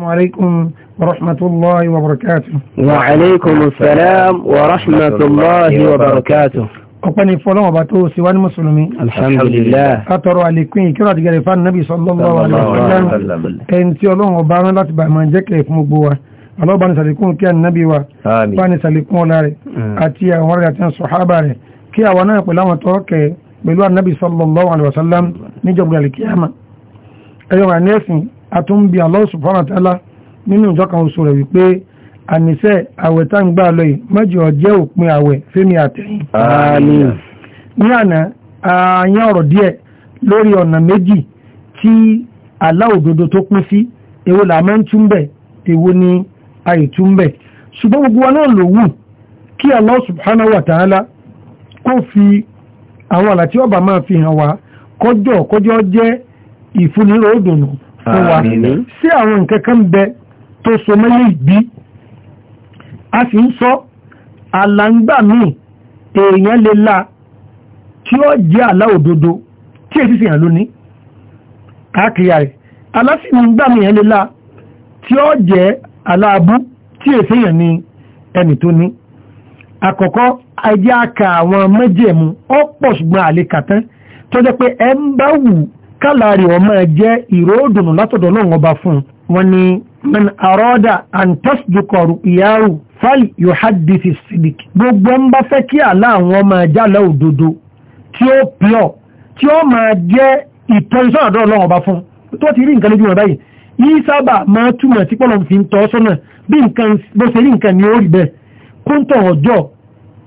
السلام عليكم ورحمة الله وبركاته وعليكم السلام ورحمة الله وبركاته ọ̀pẹ́ni fọ́lọ́wọ̀ bá tó síwá ní mùsùlùmí alhamdulillah látọrọ àlékún ìkírà àti gẹ̀rẹ̀fà nàbí sallallahu alaihi wasallam ẹni tí ọlọ́run ọba rán láti bá máa jẹ́kẹ̀ fún gbogbo wa alọ́bà ní sàlékún kí a nàbí wa bá ní sàlékún ọlá rẹ̀ hmm. àti àwọn rẹ̀ àti sọ̀hábà rẹ̀ kí àwọn náà pẹ̀lú àwọn tọ́ọ̀kẹ̀ pẹ̀lú ànàbí àtúnbí Allah subhanahu wa ta'ala nínú ìjọkan oṣù rẹ̀ wípé àníṣe àwẹ̀ tá ń gbà lọ yìí mẹ́jọ jẹ́ òpin àwẹ̀ fẹ́mi àtẹ̀yìn. ní àná àyàn ọ̀rọ̀ díẹ̀ lórí ọ̀nà méjì tí àlá tó pín sí èwo là máa ń èwo ni àì túnbẹ̀ ṣùgbọ́n gbogbo náà wù kí fi àwọn àlàtí ọba máa fi hàn wá fún wa sí àwọn nǹkan kan bẹ tó so mẹ́lẹ̀ ìgbí a sì ń sọ àlàǹgbà míì èèyàn lè la tí ó jẹ́ àlá òdodo tí èsì sì hàn lónìí káàkiri rẹ̀ alásìmí ń èèyàn lè la tí ó jẹ́ aláàbú tí èsì èèyàn ni ẹnì tó ní àkọ́kọ́ ajá ka àwọn mẹ́jẹ̀mú ọ̀pọ̀ ṣùgbọ́n àlekàtán tó jẹ́ pé ẹ ń bá wù kálárì ọmọ jẹ́ ìró dùnú látọ̀dọ̀ náà wọn bá fún wọn ni man arọ́dà and tasdukọ̀rù ìyáàrù fal yohadisi sidik gbogbo ń bá fẹ́ kí àlá àwọn ọmọ jálẹ̀ òdodo tí ó pure tí ó máa jẹ́ ìtọ́nisọ́nàdọ́ ọlọ́run ọba fún tó ti rí nǹkan lójú wọn báyìí yìí sábà máa túmọ̀ tí pọ́lọ̀ fi ń tọ́ sọ́nà bí nǹkan bó ṣe rí nǹkan ni ó rí bẹ́ẹ̀ kóńtọ̀ ọjọ́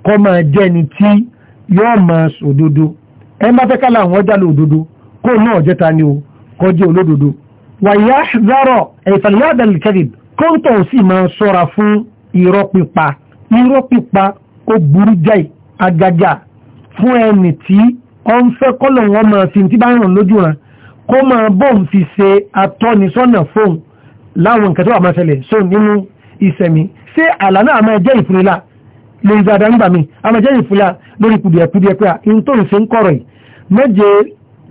kọ́ máa jẹ́ ni tí yóò máa sòdodo ẹ má fẹ́ kálá àwọn ọjà lòdodo kó náà jẹ́ ta ni o kọjá olódodo wàyá zárọ̀ ẹ̀fàlíyàdà lìkẹ́dìb kóńtọ̀ sì máa sọ́ra fún irọ́ pípa irọ́ pípa ó burú jáì agaga fún ẹni tí ọ ń fẹ́ kọ́lọ̀ wọn máa fi tí bá ń ràn lójú ran kó máa bóun fi ṣe atọ́nisọ́nà fóun láwọn nǹkan tó wà máa ṣẹlẹ̀ sóun nínú ìsẹ̀mí ṣé àlá náà máa jẹ́ ìfúnilá lórí dáadáa nígbà mi a máa ìfúnilá lórí kùdìẹ̀kùdìẹ̀ pé à ń tó ń ṣe ń kọ̀rọ̀ yìí méje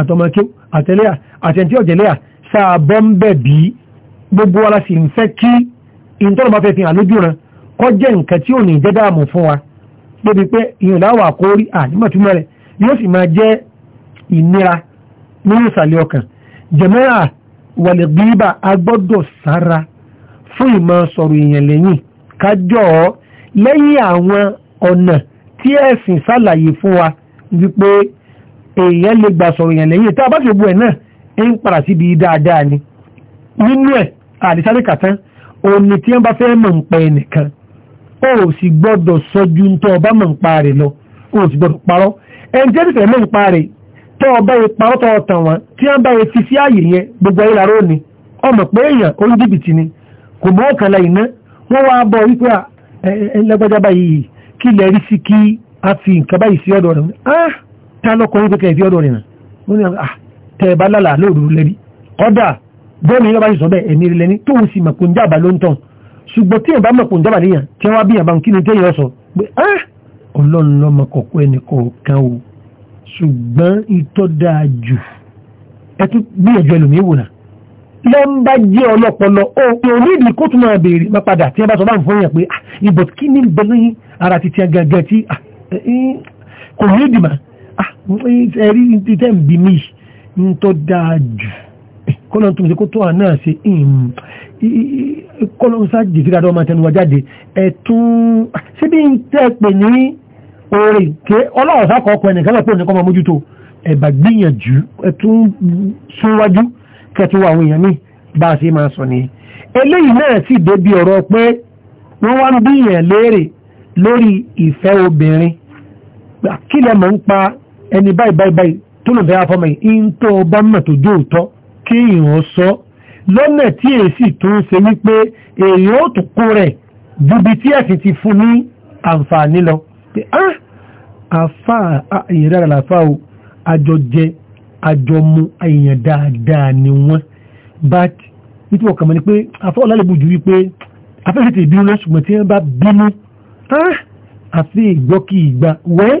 àtọmọkíw àtẹlẹ́yà àtẹ̀ntí ọ̀jẹ̀lẹ́yà sáàbọ̀ ń bẹ̀ bí gbogbo wa la sì ń fẹ́ kí ìtọ́nà bá fẹ́ fi hàn lójú ran kọ́ jẹ́ nǹkan tí ò ní jẹ́ fún wa débi pé ìyẹn láwà àkórí ànímọ̀túmọ̀ rẹ̀ yóò sì máa jẹ́ ìnira ní ìsàlẹ̀ ọkàn jẹ̀mẹ́rà wàlẹ̀ gbígbà agbọ́dọ̀ sára fún ìmọ̀ sọ̀rọ̀ èèyàn lẹ́yìn kájọ́ lẹ́yìn àwọn ọ̀nà tí ẹ̀sìn sàlàyé fún wa wípé èèyàn lè gbà sọ̀rọ̀ èèyàn lẹ́yìn tá a bá ti gbogbo ẹ̀ náà ń padà síbi dáadáa ni nínú ẹ̀ àdìsáré kàtán òní tí wọ́n bá fẹ́ mọ̀ ń pa ẹnìkan ó sì gbọ́dọ̀ sọ́jú tó ọba mọ̀ ń pa rẹ̀ lọ ó sì gbọ́dọ̀ parọ́ ẹni tí ẹni fẹ́ mọ̀ ń pa rẹ̀ tó ọba yẹ parọ́ tó ọ̀tàn wọn tí wọ́n bá yẹ fi sí ààyè yẹn gbogbo ayé làrá òní ọmọ pé èèyàn ó ń jìbìtì ni kò mọ́ ọ̀kan la iná wọ́n wá bọ̀ wípé ẹlẹ́gbẹ́jábá yìí kí lẹ́rí sí kí a fi nǹkan báyìí sí ọ̀dọ̀ rẹ̀ ah ta lọ́kọ̀ wípé kẹfì ọ̀dọ̀ rìnà wọ́n ni à ah, tẹ́ bá lálà lóòrù lẹ́rí ọ̀dà bọ́ọ̀lù yẹn bá sì sọ bẹ́ẹ̀ ẹ̀mí rẹ̀ lẹ́ni tóun sì mọ̀kò ń jábà ló ń tàn ṣùgbọ́n tí ìbá mọ̀kò ń tí wọ́n bí yàbá kí ni téèyàn sọ pé á ah, ọlọ́run lọ́mọ kọ̀kọ́ ẹnì kọ̀ọ̀kan o ṣùgbọ́n itọ́ dáa jù ẹ tún gbìyànjú ẹlòmíì wò náà lọ ń bá jẹ́ ọlọ́pọlọ onídìí ah, ni bẹ́ẹ̀ eh, eh, ní ara ti ti gangan ẹ̀rí ti tẹ́ ń bí mi ń tọ́ dáa jù kọ́nà tó ń ṣe kó tó àná ṣe kọ́nà ń sáàjì sí dáadáa ọmọ tẹnuwa jáde ẹ̀tún síbi ń tẹ́ pè ní orin ké ọlọ́run sákọ̀ ọkọ̀ ẹnìkan lọ́pọ̀ nìkan máa mójútó ẹ̀bà gbìyànjú ẹ̀tún súnwájú kẹtùwà kí lẹ ń pa ẹni báyìí báyìí báyìí tó lọ fẹ́ afọ́mọ̀ yìí ń tó bá mọ̀ tó jó òótọ́ kí èèyàn sọ lọ́nà tí èsì tó ń ṣe wípé èèyàn ó tún kún rẹ̀ ju bí tí ẹ̀sìn ti fún ní àǹfààní lọ pé ah àfa ìyẹn dára o àjọ jẹ àjọ mu èèyàn dáadáa ni wọ́n but nítorí ọ̀kan mọ̀ ni pé afọ́ ọ̀làlẹ́bù ju wípé afẹ́fẹ́ ti bínú lọ ṣùgbọ́n tí wọ́n bá bínú ah àfi ìgbọ́ kí ìgbà wẹ́ẹ́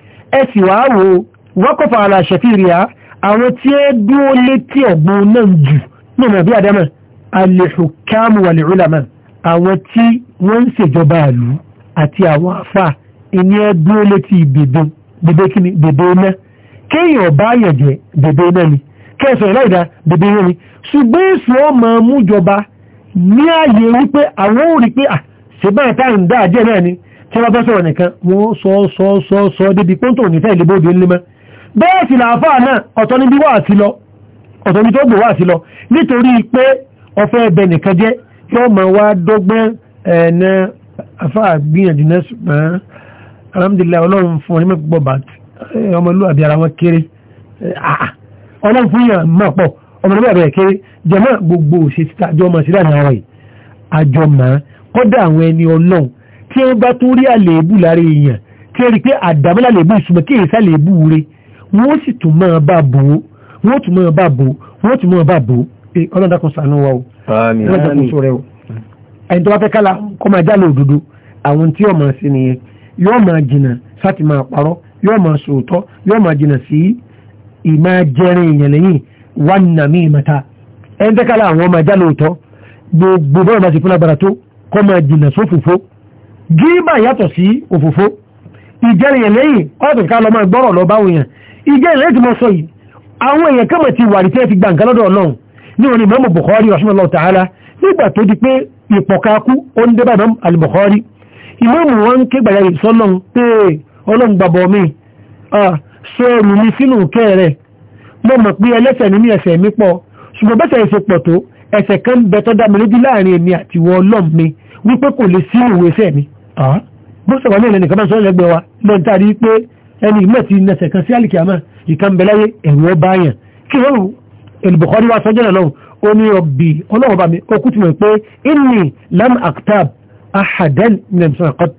ẹ̀sì wàá wo wọ́kọ̀fà aláṣẹ̀fìrìà àwọn tí ó dúó létí ọ̀gbọ́n náà jù nínú ẹ̀bí àdámà alìhùkámù wàlìhùlámà àwọn tí wọ́n ń ṣèjọba àlú àti àwọn àfà ìní ẹ dúó létí bèbè kíni bèbè iná kéèyàn bá yẹ̀jẹ̀ bèbè iná ni kẹsàn ìlà ìdá bèbè iná ni ṣùgbọ́n èso ọmọ mújọba ní ààyè wípé àwọn ò rí pé à ṣèbáyà táyì ń dá àjẹ́ náà ni tí wọ́n fẹ́ sọ̀rọ̀ nìkan wọ́n sọ sọ sọ sọ débi pọ́ntò ní fẹ́ ìlébòdì ńlẹ́ mọ́ bẹ́ẹ̀ sì làáfà náà ọ̀tọ̀ níbi wà sí lọ ọ̀tọ̀ níbi tó gbò wà sí lọ nítorí pé ọfẹ́ ẹbẹ nìkan jẹ́ yọ́ ma wá dọ́gbọ́n ẹ̀ẹ́nà afá gbìyànjú náà ṣùgbọ́n alhamdulillah ọlọ́run fún ọdún mẹ́pọ̀ bá eh, ọmọlúwàbí ara wọn kéré eh, ọlọ́run fún tí wọ́n bá tún rí àlèébù lára èèyàn tí wọ́n rí pé àdámọ́lá àlèébù ìṣùgbọ́n kí èsà àlèébù re wọ́n sì tún máa bá bò ó wọ́n tún máa bá bò ó wọ́n tún máa bá bò ó ọlọ́dà kan sànú wa o ọlọ́dà kan sọ rẹ o ẹni tó bá fẹ́ kálá kọ́ máa jálè òdodo àwọn tí yóò máa ṣe nìyẹn yóò máa jìnà sáti máa parọ́ yóò máa sòótọ́ yóò máa jìnà sí ìmá jẹrin èèyàn lẹ́yìn wà nàmí ìmọ̀ta ẹni tẹ́kálá àwọn máa jálè òótọ́ gbogbo bọ́ọ̀ máa ti fún agbára tó kọ́ máa jìnà sófòfó gíbà yàtọ̀ sí òfófó ìjẹrìyàn lẹ́yìn ọ̀tọ̀ ká lọ máa gbọ́rọ̀ lọ báwọn èèyàn ìjẹrìyàn lẹ́yìn tí mo sọ yìí àwọn èèyàn kẹ́mọ̀ ti wà rí tẹ́ fi gba nǹkan lọ́dọ̀ ọlọ́run ní òní Imam Bukhari rahimahullah ta'ala nígbà tó di pé ìpọ̀kakú ó ń débà Imam al-Bukhari Imam wọn ń ké gbàyà ìsọ́lọ́run pé ọlọ́run gbàbọ̀ mi sọ ẹrù mi sínú wípé kò lè sínú ìwé sẹ́mi Ah, bọ́sẹ̀ wà ní ìlẹ̀ nìkan bá sọ́ọ́ lẹ́gbẹ̀ẹ́ wa lẹ́yìn tá a rí i pé ẹni ìmọ̀ ti nẹsẹ̀ kan sí àlìkìyàmọ̀ ìkànnbẹ̀láyé ẹ̀rù ọba yẹn kí wọ́n Al-Bukhari sọ́jọ́ náà ó ní ọbì mi ó kú tìmọ̀ pé inni lam aktab ahadan nẹ̀mísọ̀rọ̀kọ́t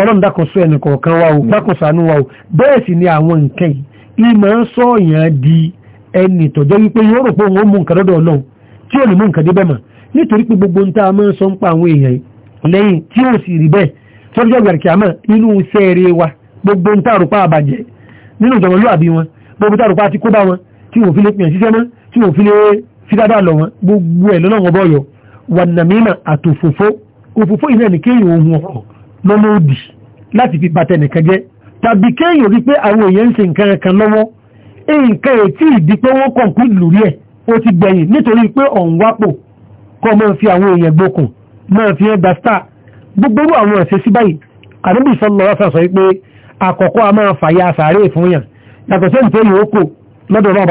ọlọ́run dákun sọ ẹnì kọ̀ọ̀kan wa o dákun ṣàánú wa o bẹ́ẹ̀ sì ni àwọn nǹkan yìí ìmọ̀ ń sọ èèyàn di ẹnì tọ̀jọ́ wípé yóò rò pé òun mú nǹkan lọ́dọ̀ ọlọ́run tí ò ní mú nǹkan débẹ̀ mọ̀ nítorí pé gbogbo ń tá a máa ń sọ ń pa àwọn èèyàn lẹ́yìn tí ò sì rí bẹ́ẹ̀ tọ́jọ́ gbàrìkì àmọ́ inú iṣẹ́ eré wa gbogbo ń tàrùpá àbàjẹ́ nínú ìjọba lóàbí wọn gbogbo tàrùpá ti kó bá wọn tí wọ́n fi lè pìyàn síṣẹ́ mọ́ tí wọ́n fi lè fi dáadáa lọ wọn gbogbo ẹ̀ lọ́nà wọn bọ́yọ̀ wà òfòfó ìlànà kéèyàn ohun ọ̀rọ̀ lọ́nà òdì láti fi bàtẹ̀ nìkan jẹ́ tàbí kéèyàn rí pé àwọn èèyàn ń ṣe nǹkan ti lọ́wọ́ nǹkan ètí ìdí pé wọ́n kọ̀ǹkú lórí ẹ̀ ó ti gbẹ̀yìn nítorí pé ọ̀hún wápò kọ́ máa fi àwọn èèyàn gbókùn máa fi hàn gbogbo àwọn ẹ̀sẹ̀ sí báyìí bayi sọ́lọ́ sọ wípé àkọ́kọ́ a máa fàyà sàárè fún yàn yàtọ̀ sẹ́yìn tó yóò kò lọ́dọ̀ náà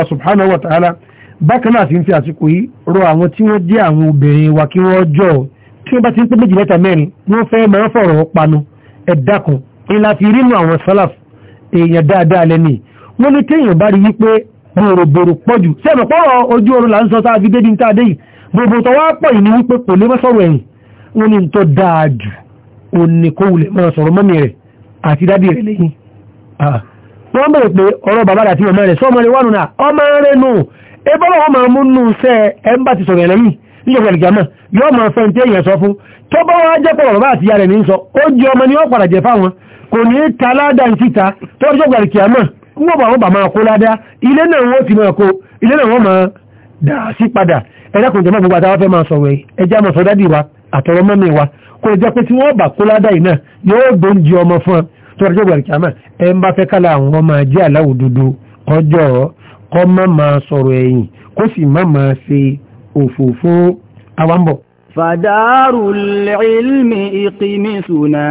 bákan náà sì ń fi àsìkò yìí rọ àwọn tí wọ́n tí wọ́n bá ti ń pé méjì mẹ́ta mẹ́rin wọ́n fẹ́ máa ń fọ̀rọ̀ panu ẹ̀dákun ìlà fi rínú àwọn sálàf èèyàn dáadáa lẹ́ni wọ́n ní téèyàn bá rí wípé bòròbòrò pọ̀jù sẹ́mi pọ́rọ̀ ojú oorun là ń sọ sáà fi dé díntà dé yìí bòròbòrò tó pọ̀ yìí ni wípé kò lè má sọ̀rọ̀ ẹ̀yìn wọ́n ní tó dáa jù òní kó wulẹ̀ máa sọ̀rọ̀ mọ́mí rẹ̀ àti dádì rẹ̀ lẹ́yìn ah. wọ́n bẹ̀rẹ̀ pé ọ̀rọ̀ bàbá àti ọmọ rẹ̀ sọ́mọ rẹ̀ wà nù náà níjọba ìgbàmọ̀ yóò máa fẹ́ tí èèyàn sọ fún tó bá wá jẹ́ pọ̀rọ̀ bá àti ìyá rẹ̀ ní sọ ó jẹ́ ọmọ ní ọ̀pàdà jẹ fáwọn kò ní ta ládá ń síta tó jọba ìgbàmọ̀ wọ́n bá wọ́n bá máa kó ládá ilé náà wọ́n ti máa kó ilé náà wọ́n máa dà sí padà ẹ̀dá kò jẹ́mọ́ gbogbo àtàwọn fẹ́ máa sọ̀rọ̀ ẹjá kọ́ máa sọ̀rọ̀ ẹ̀yìn kó sì má máa ṣe òfófó àwa ń bọ̀. ilmi ìkíní sùnà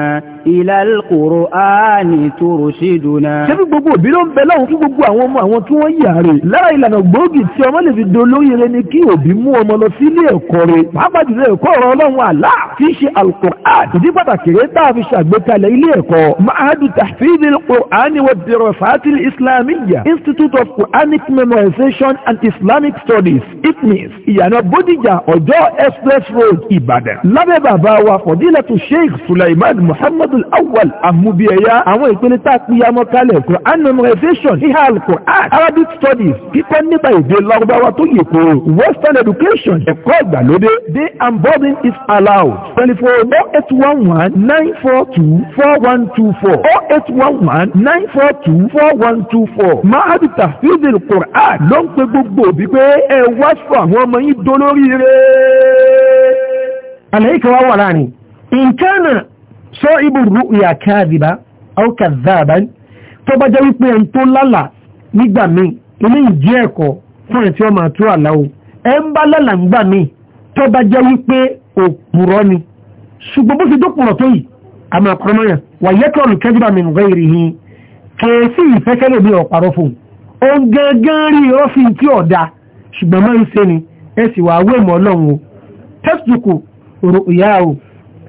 ilal Qur'ani turshiduna. ṣebí gbogbo òbí ló ń bẹ láwọn fún gbogbo àwọn ọmọ àwọn tí wọ́n yà rẹ̀ lára ìlànà gbòógì tí ọmọ lè fi dolóyè rẹ ni kí òbí mú ọmọ lọ sí ilé ẹ̀kọ́ rẹ̀ pàápàá jùlọ ẹ̀kọ́ ọ̀rọ̀ ọlọ́run àlá fi ṣe al ìdí pàtàkì rẹ̀ tá a fi ṣàgbékalẹ̀ ilé ẹ̀kọ́ mahadu tahfidil Qur'ani wa institute of Quranic memorization and Islamic studies IQMIS ìyànà bódìjà ọjọ́ express road Ìbàdàn lábẹ́ bàbá wa fọ̀dílẹ̀ tó Sheikh Sulaiman Muhammad al-asl awwal àmúbíẹ̀yà àwọn ìpele tá a pìyàmọ́ kalẹ̀ Quran memorization híhá al-Quran Arabic studies kíkọ́ nípa èdè lọ́gbàwá tó yẹ kó western education ẹ̀kọ́ ìgbàlódé day and boarding is allowed telephone oh eight one one nine four two four one two four oh eight one one nine four two four one two four mahadu tafid al-Quran ló ń pe gbogbo òbí pé ẹ wá fún àwọn ọmọ yín dolóríire. àlẹ́ ìkẹwàá wà láàrin nǹkan náà sọ ibu rúùyà káàdìbá ọkà záàbá tó bá jẹ́ wípé ẹni tó lálà nígbà míì ilé ìjí ẹ̀kọ́ fún ẹ̀ tí ó máa tú àlá o ẹ ń bá lálà nígbà míì tó bá jẹ́ wípé òpùrọ́ ni ṣùgbọ́n bó ti dópùrọ̀ tó yìí àmà àkọ́rọ́mọ́yà wà yẹ́kọ̀ olùkẹ́jìbá mi nǹkan ìrì hin kèésì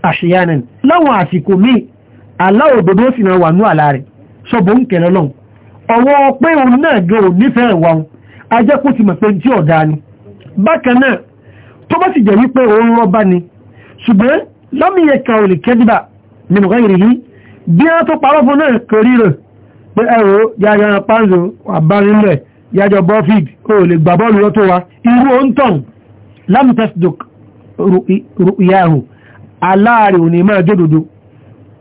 àṣìyánẹ̀ láwọn àsìkò míì aláwọ̀ òdòdó sì náà wà ní àlá rẹ̀ sọ́bọ̀ ń kẹ̀lọ́ lọ́n ọwọ́ pé òun náà gẹ òun nífẹ̀ẹ́ wa ajẹ́kù ti mọ̀ pé tí ọ̀dá ni bákan náà tó bá sì jẹ́ wípé òun rọ́bá ni ṣùgbọ́n lámìyẹ kan ò lè kẹ́díbà nínú kan ìrìlí bí wọ́n tó parọ́ fún náà kò rẹ̀ pé ẹ̀rọ yáyà pánzo àbárínlẹ̀ yájọ bọ́fíìd ò lè gbà bọ́ọ̀lù lọ́tọ́ wa irú òun tàn lámìtẹ́sìdòk rùìyàhùn aláàrí ò ní máa jódòdó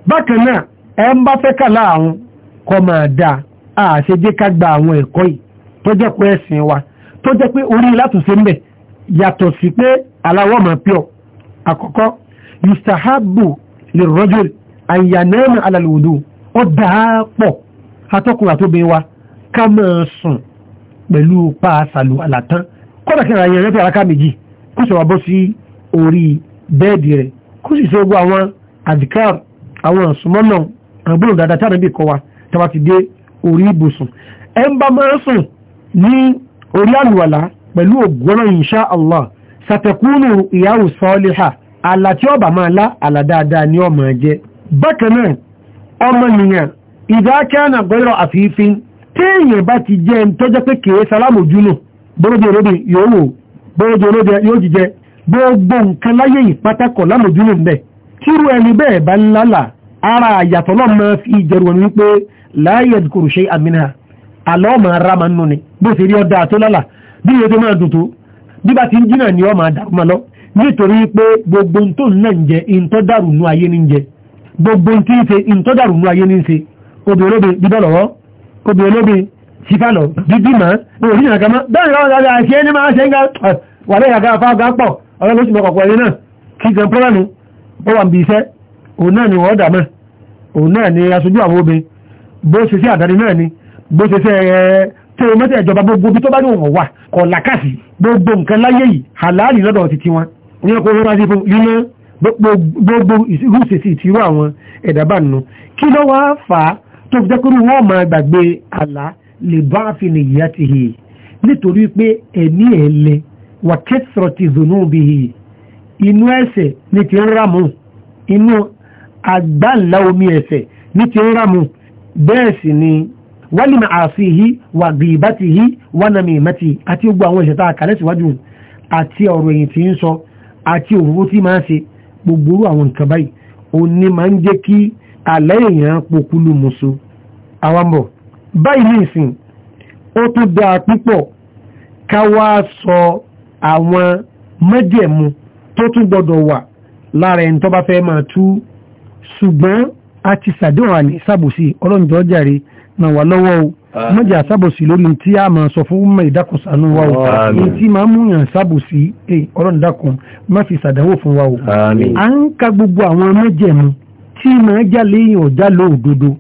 bákan náà ẹ ń bá fẹ́ kà láàrún kọ máa dá àṣejé ká gba àwọn ẹ̀kọ́ yìí tó jẹ́ pé ẹ̀sìn wa tó jẹ́ pé orí látúnṣe ń bẹ̀ yàtọ̀ sí pé aláwọ̀ máa pure àkọ́kọ́ yustahabu lè rọ́jò àyànnáàmù alàlùwòdó ó dáa pọ̀ atọ́kùnrin àtóbin wa ká máa sùn pẹ̀lú pa àṣàlù àlàtán kọ́dà kí ara yẹn rẹ́pẹ̀ àràká méjì kó sọ̀rọ̀ bọ́ sí orí bẹ́ẹ̀dì rẹ̀ kó sì ṣe àwọn àdìkár àwọn ìsúnmọ́nà àgbọ̀n dáadáa tàbí bí wa ti dé orí ibùsùn ẹ ń bá máa sùn ní orí àlùwàlá pẹ̀lú ògbọ́nà insha Allah sàtẹ̀kúnù ìyáwó sọ́ọ́lẹ́hà àlà tí ọba máa lá àlà dáadáa ní ọmọ jẹ bákan náà ọmọnìyàn ìdákẹ́nà téèyàn bá ti jẹ́ ń tọ́jọ́ pé kèé sálámù júnù olóde yóò wò olóde gbogbo nǹkan láyé ìpátákọ̀ lálòjúlò ń bẹ̀ kírú ẹni bẹ́ẹ̀ bá lálà ara àyàtọ̀ náà máa fi ìjẹrù wọn wípé láyé kòrò ṣe àmìnà àlọ́ ọmọ ara máa ń nù ni bó ṣe rí ọdá tó lálà bí iye tó máa dùn tó bí bá ti ń jìnà ni ọmọ àdàrú máa lọ nítorí pé gbogbo tó ń náà ń jẹ ìǹtọ́ dàrú nú ayé ní jẹ gbogbo tí ń ṣe ìǹtọ́ dàrú nú ayé ní ṣe obìnrin olóbe bíbọ́ lọ́wọ́ obìnrin ọlọ́lọ́sì mọ́ pàpọ̀ ẹni náà kí gan pọ́lánù ó wà ń bí iṣẹ́ òun náà ni wọ́n dà mẹ́ òun náà ni aṣojú àwọn obìnrin bó ṣe sí àdáni náà ni bó ṣe sí ẹ tẹ́ ọmọ tẹ́ ìjọba gbogbo bí tó bá ní òun wà kọ̀ làkàsì gbogbo nǹkan láyé yìí hàlàálì lọ́dọ̀ ti ti wọn ní ọkọ̀ orí wájú fún lílé gbogbo ìrúṣe sí ìtirú àwọn ẹ̀dá bá nù kí ló wá fà á tó fi jẹ́ pé máa gbàgbé àlá lè bá àfihàn ìyá ti hì nítorí pé ẹ̀mí ẹ̀ lẹ́ wa kẹsìrọ̀tì zunubihi inú ẹ̀ṣẹ̀ ní ti ń ràmù inú àgbàlá omi ẹ̀ṣẹ̀ ní ti ń bẹ́ẹ̀ sì ni wali ma'asihi wa ghibatihi wa namimatihi àti gbogbo àwọn ìṣẹ̀ta àkàlẹ̀ síwájú àti ọ̀rọ̀ èyí tí ń sọ àti òfófó tí máa ṣe gbogbo àwọn nǹkan báyìí òní máa ń jẹ́ kí àlẹ́ èèyàn pokulu musu àwambọ̀ báyìí ní ìsìn ó tún da púpọ̀ ká wá àwọn mẹ́jẹ̀mú tó tún gbọdọ̀ wà lára ẹni tó bá fẹ́ máa tú ṣùgbọ́n a ti ṣàdéhùn àní sábòsí ọlọ́njọ́ jàre náà wà lọ́wọ́ o mọ́jà sábòsí lórí tí a máa sọ fún mọ́ ìdákùn wa o èyí tí máa mú yàn sábòsí ẹ eh, ọlọ́run dákun má fi ṣàdánwò fún wa o à ń ka gbogbo àwọn mẹ́jẹ̀mú tí máa jálé èèyàn ọ̀já òdodo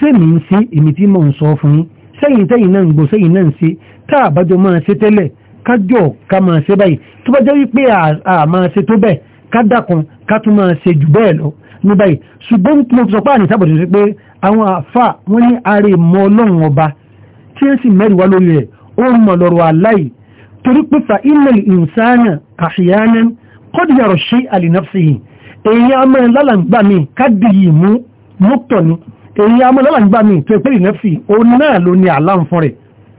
sẹ́mi ń ṣe èmi tí mò ń sọ fún yín sẹ́yìn tẹ́yìn náà ń gbọ́ sẹ́yìn náà ń ṣe tá àbájọ máa ṣe tẹ́lẹ̀ kájọ̀ ká máa ṣe báyìí tó bá jẹ́ wípé a máa ṣe tó bẹ́ẹ̀ ká dákun ká tún máa ṣe jù bẹ́ẹ̀ lọ ní báyìí ṣùgbọ́n mo sọ pé àní sábọ̀dọ̀ sí pé àwọn àfà wọ́n ní ààrẹ ìmọ̀ ọlọ́run ọba tí ń sì mẹ́rin wá lórí rẹ̀ ó ń mọ̀ lọ́rọ̀ aláì torí pé fa ilẹ̀ ìsáànà àṣìyáná kọ́dìyàrọ̀ ṣe àlìnàfsìyìn èyí a máa lálàǹgbà mi kádìyì mú mọ́tọ̀ ni èyí a máa lálàǹgbà mi tó ẹgbẹ́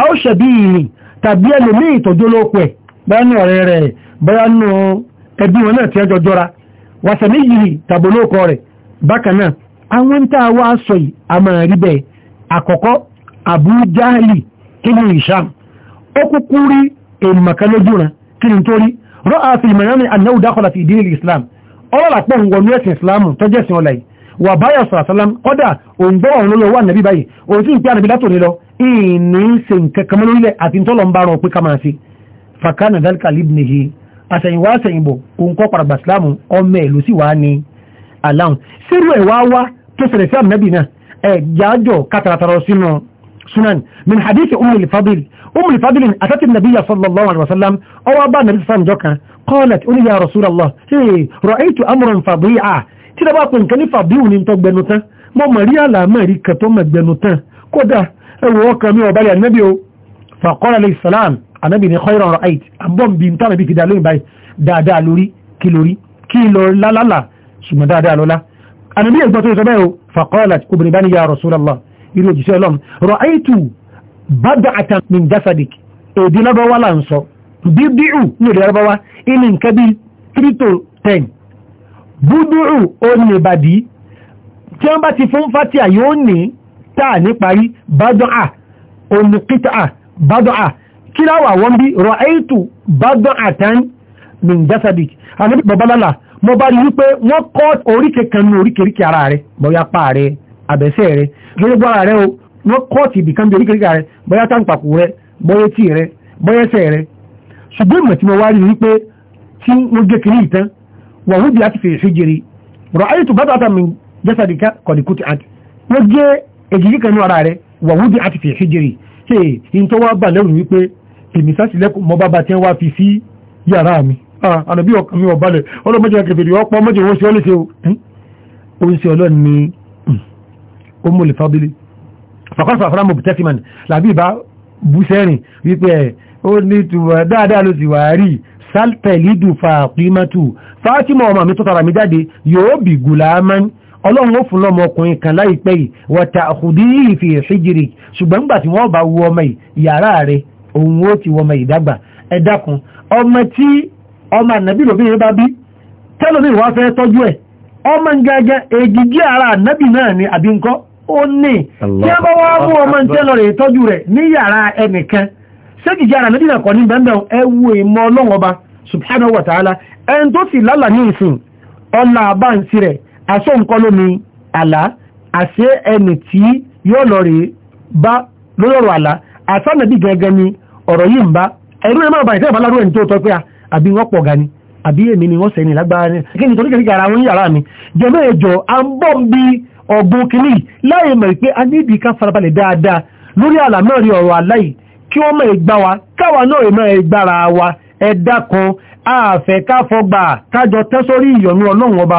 a ó ṣẹ̀bí ìrìn tàbí ẹlòmí ìtọ́jú olóòpù ẹ̀ bọ́yá ní ọ̀rẹ́ rẹ̀ bọ́yá ní ẹbí wọn náà tí ẹjọ́ jọra wàsàní yìí tàbí rẹ̀ bákan náà àwọn ń Abu Jahli kí ni ìṣàm ó kúkú rí èmàkálójú rẹ̀ kí ni torí rọ́ àfihàn mẹ́rin annáwó Islam ọlọ́làpọ̀ ń wọnú ẹ̀sìn Islam tọ́jẹ́sìn ọlá yìí wà báyọ̀ sọ̀rọ̀ sọ́lám kọ́dà òǹgbọ́ ọ̀run ló wà nàbí báyìí òun sì ń ànàbí látòní lọ ìní ṣe nǹkan kan lórílẹ̀ àti tọ́lọ̀ ń bá rọ pé ká máa ṣe fàkánà dálíkà libnihi àṣẹ̀yìnwá àṣẹ̀yìnbọ̀ òun kọ́ paragba sílámù ọmọ ẹ̀ ló sì wá ní aláhùn sírú ẹ̀ wá wá tó ṣẹlẹ̀ sí àmì náà ẹ̀ jájọ kátàràtàrọ sínú sunan min hadith umul fadil umul fadil atati sallallahu alaihi wasallam ó wá bá nabi sallam jọkan qalat ó ní ya rasulallah hey ra'aytu amran fadi'a tí da bá pè nǹkan ní fàbíù ní tó gbẹnu tán ẹwọ ọkàn mi ọ̀bálẹ̀ ànábì o fàkọ́lá lè sàlám ànábì ní kọ́ ìrọ̀rọ̀ àìt àbọ̀n bí n tàbí bí ti dà lóyìn báyìí dáadáa lórí kí lórí kí lọ lálálà ṣùgbọ́n dáadáa lọ́lá ànábì ẹgbọ́n tó sọ bẹ́ẹ̀ o fàkọ́lá obìnrin bá ní ya Rasulullah irú òjíṣẹ́ ọlọ́run rọ àìtù bàdà àtàn min jasadik èdè lọ́bọ̀wá là táà ní parí bádọ́à oníkítà bádọ́à kí láwà wọ́n bí rọ àìtù bádọ́à tán min jasadik àti babalala mo bá rí wípé wọ́n kọ́ oríkè kan ní oríkèríkè ara rẹ̀ bóyá pa rẹ̀ àbẹ̀sẹ̀ rẹ̀ gbogbo ara rẹ̀ o wọ́n kọ́ ti ibìkan bí oríkèríkè rẹ̀ bóyá táǹpàkù rẹ̀ bóyá tí rẹ̀ bóyá ẹsẹ̀ rẹ̀ ṣùgbọ́n ìmọ̀ tí mo wá rí wípé tí wọ́n gé kiri ìtàn wọ́n wúdi láti fèrè sí jèrè rọ àìtù bádọ́à tán min jasadika kọ̀dìkútì àti wọ́n gé èjìjì kan ní ara rẹ̀ wàwúdí àti fi hijiri ṣe in tó wá bà lẹ́rù wípé tèmi sásìlẹ́kùn mọ́ bàbá tí wá fi sí yàrá mi ànàbí ọkàn mi ọ̀balẹ̀ ọlọ́mọdé akẹfẹ̀rẹ̀ ọ̀pọ̀ mọ́jẹ̀ wọ́n sí ọ léṣe o ń ṣe ọlọ́run ni hmm, ó mú lè fábílì fàkọ́sọ̀ àfárá mọ̀ tẹ́tìmọ̀ làbí ìbá bú sẹ́rìn wípé ó ní tùwà dáadáa ló sì wà rí sáltẹ̀lídù fàtímọ̀tù ọlọ́run ó fún lọ́mọ ọkùnrin kan láìpẹ́ yìí àkùdí yìí fi ṣùgbọ́n tí wọ́n bá wu ọmọ yìí yàrá rẹ̀ òun ó ti wọmọ yìí ọmọ tí ọmọ ànábì bá bí wá fẹ́ ara náà ni àbí ó ní a bá wá mú ọmọ tẹ́lọ tọ́jú rẹ̀ ní yàrá ẹnìkan ara ní subhanahu wa ta'ala ẹni tó sì lálàá ní aṣọ nǹkan lómi àlá àṣẹ ẹni tí yóò lọ rèé bá lórí ọ̀rọ̀ àlá àtọ́nà bí gẹ́gẹ́ ni ọ̀rọ̀ yìí ń bá ẹ̀rú ẹ̀mọ́ ọ̀bà ìtẹ́ẹ̀bá lárú ẹni tó tọ́ pé àbí wọ́n pọ̀ ga ni àbí èmi ni wọ́n sẹ́ni lágbára ni kí ni torí kẹ́kẹ́ ara wọn yàrá mi jẹ́mọ́ ẹ̀jọ̀ à a níbi ká farabalẹ̀ dáadáa lórí àlámọ́rí ẹ̀dá kan àfẹ́ káfọgbà kájọ tẹ́sórí ìyọ̀nù ọlọ́run ọba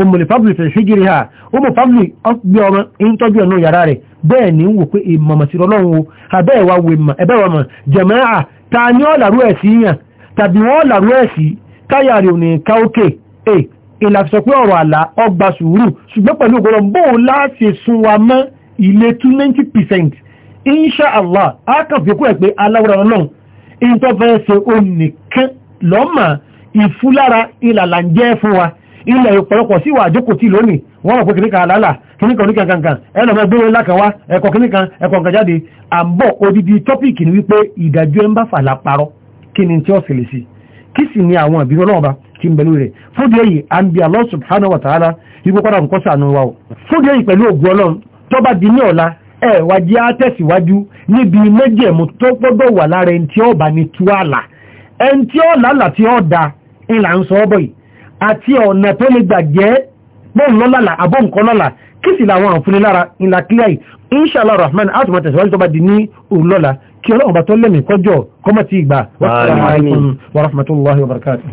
òmùlẹ̀ fábùlì fẹ̀ ṣígìrì ha ọmọ fábùlì ọgbẹ́ ọmọ ń tọ́jú ẹ̀nà yàrá rẹ̀ bẹ́ẹ̀ ni ń wò pé ìmọ̀mọ̀ sí ọlọ́run o àbẹ́ẹ̀wà wèmọ̀ ẹ̀bẹ́wà mọ̀ jẹ̀mẹ́à ta ni ó làrú ẹ̀ sí yàn tàbí wọ́n làrú ẹ̀ sí táyà rẹ̀ òní ká òkè e ìlàfisọ pé ọ̀rọ̀ àlá ọgbà sùúrù ṣùgbọ́n pẹ̀lú ògbọ́n bó ìfúlára ìlàlà ń jẹ́ fún wa ilẹ̀ ìpọ̀lọpọ̀ sí wà jókòó tí lónìí wọ́n rọ̀ pé kìníkà àlálà kìníkà oníkà kankan ẹlọ́mọ gbé wọn lákan wá ẹ̀kọ́ kìníkà ẹ̀kọ́ nǹkan jáde àbọ̀ odidi tọ́pìkì ni wípé ìdájọ́ ẹ̀ ń bá fàlà parọ́ kí ni tí ó sì lè sí kí sì ni àwọn àbí ọlọ́ọ̀ba kí n bẹ̀lú rẹ̀ fúdi èyí àǹbí Allah subhanahu wa ta'ala igbó wa o fúdi èyí pẹ̀lú ògùn ọlọ́run tó bá di yìí àti ọ̀nà tó lè gbàjẹ́ bóun lọ́làlà àbó nǹkan lọ́là kí sì làwọn àǹfúnni lára ìlà kílẹ̀ yìí inshallah rahman atuma tẹ̀síwájú tó bá di ní òun lọ́la kí ọlọ́run bá tó lẹ́mìí kọjọ́ kọ́mọ́tì ìgbà wa rahmatullahi wa barakatuh